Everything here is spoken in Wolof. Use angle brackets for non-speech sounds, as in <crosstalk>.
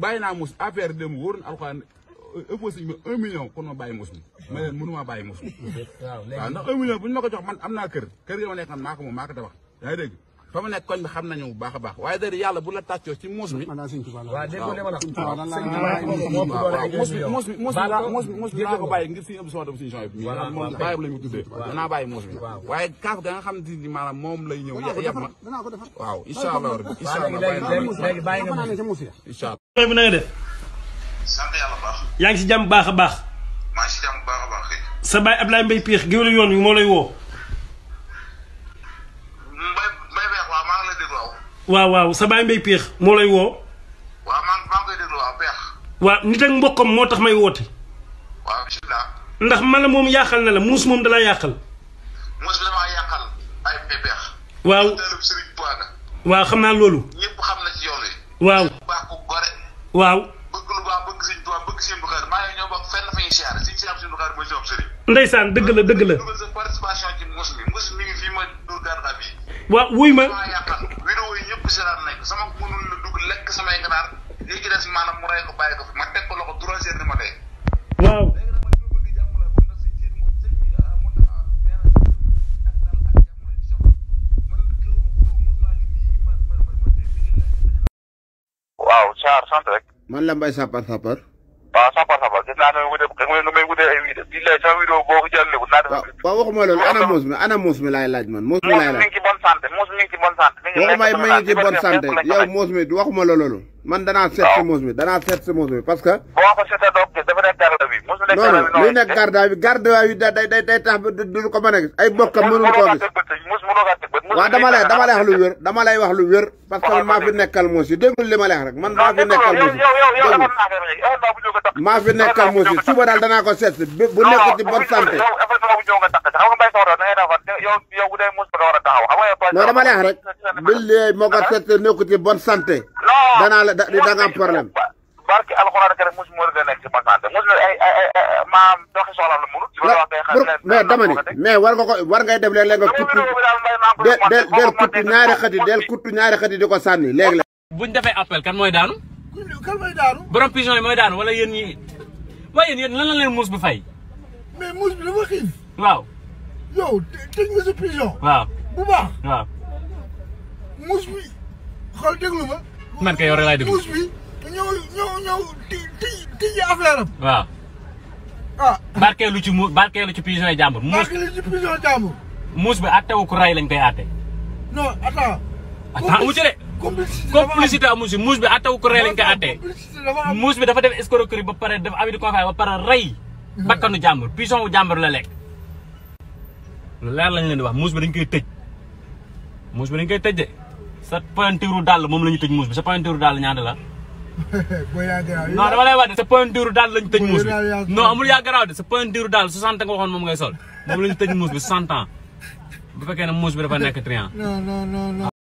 bàyyi naa mos affaire de wóor na alxuraan euh, ëpp si ma un kon ma bàyyi mos mi ma leen mënumaa bàyyi mos mi <laughs> waaw ndax un million bu ñu ma ko jox man am naa kër kër gi ma nekk man maa ko moom maa ko tabax yaa fa mu nekk koñ bi xam nañu bu baax a baax waaye dara yàlla bu la tàccoo ci muus mi. waaw déggoo li ma la wax. muus bi muus bi muus bi naa ko bàyyi ngir suñu émission dem suñu champs yi. voilà moom bàyyi la ñu tuddee. waaw bàyyi muus bi. waaye kaaf ga xam ne maanaam moom lay ñëw. yab ma waaw incha allah rabbi incha allah bàyyi nga muus bi incha allah. bi baax. ngi si jàmm baax a baax. maa baax a baax. sa baay Ablaye Mbaye Péex géwélu yoon wi moo lay woo waaw waaw sa baay mbay péex moo lay woo. waaw nit ak mbokkam moo tax may woote. waaw ndax man la moom yaaxal na la muus moom dalaa yaaxal. muus xam naa loolu. ñëpp xam na dëgg la dëgg la. waaw wuy ma poussière nañ ko ma teg ko loxo trois heures ni ma dee. waaw. waaw Sarr sant man la Mbaye Sapar Sapar. waaw Sapar Sapar gis naa ne nga may wutee ay vidéo bii lay sama vidéo boo ana muus mi ana muus mi laay laaj man muus mi laay laaj. bonne santé muus mi ngi ci bonne santé. mi ngi ci bonne santé yow muus waxuma la loolu. man danaa seet semence bi danaa seet semence bi parce que. boo ko seetee doo gis dafa nekk garde bi. mosul nekk garde bi non non luy nekk garde bi garde bi day day day tax du ko mën a gis ay bokkam mënul koo gis. waaw dama lay dama lay wax lu wér dama lay wax lu wér. parce que man maa fi nekkal moos yi déglu li ma lay wax rek man maa fi nekkal moos yi déglu maa fi nekkal moos yi suba daal danaa ko seet si bu nekk ci bonne santé. non dama lay wax rek. bi léegi moo ko ah? seet si nekk ci bonne santé. danaa la da da nga am problème. barke war a nekk ci Massante eh, eh, eh, la mais dama mais war nga ko war ngay def léeg-léeg nga kuttu del del del kuttu ñaari xati del kuttu ñaari xati di ko sànni léeg-léeg. buñ defee appel kan mooy daanu. kan mooy daanu. borom pigeon yi daanu wala yéen ñi waaye yéen lan la leen muus bi fay. mais muus bi dafa xiif. waaw. yow tëj nga sa pigeon. waaw bu baax. waaw muus bi xool déglu ma. man kay yore laay déglu muus bi ñëw ñëw ñëw ti ti tijji affaire am. waaw. ah ci mu barkeelu ci pigeon jàmbur. muus barkeelu ci pigeon jàmbur. muus bi lañ koy àtte. non attends. attends amu ci muus bi àttewu ku rey lañ koy àtte. muus bi dafa def escroquerie ba pare def abus de confiance ba pare rey. bakkanu jàmbur pigeon wu jàmbur la lekk. lu leer lañ leen di wax muus bi dañ koy tëj muus bi dañ koy tëj de. sa pointure dàll moom la ñu tëj muus bi sa pointure dàll ñaata la. <laughs> non dama lay wax de sa pointure dàll la ñu tëj muus bi non amul yaa garaaw de sa pointure dàll 60 nga waxoon moom ngay sol moom la ñu tëj muus bi 60 ans bu fekkee muus bi dafa nekk triant.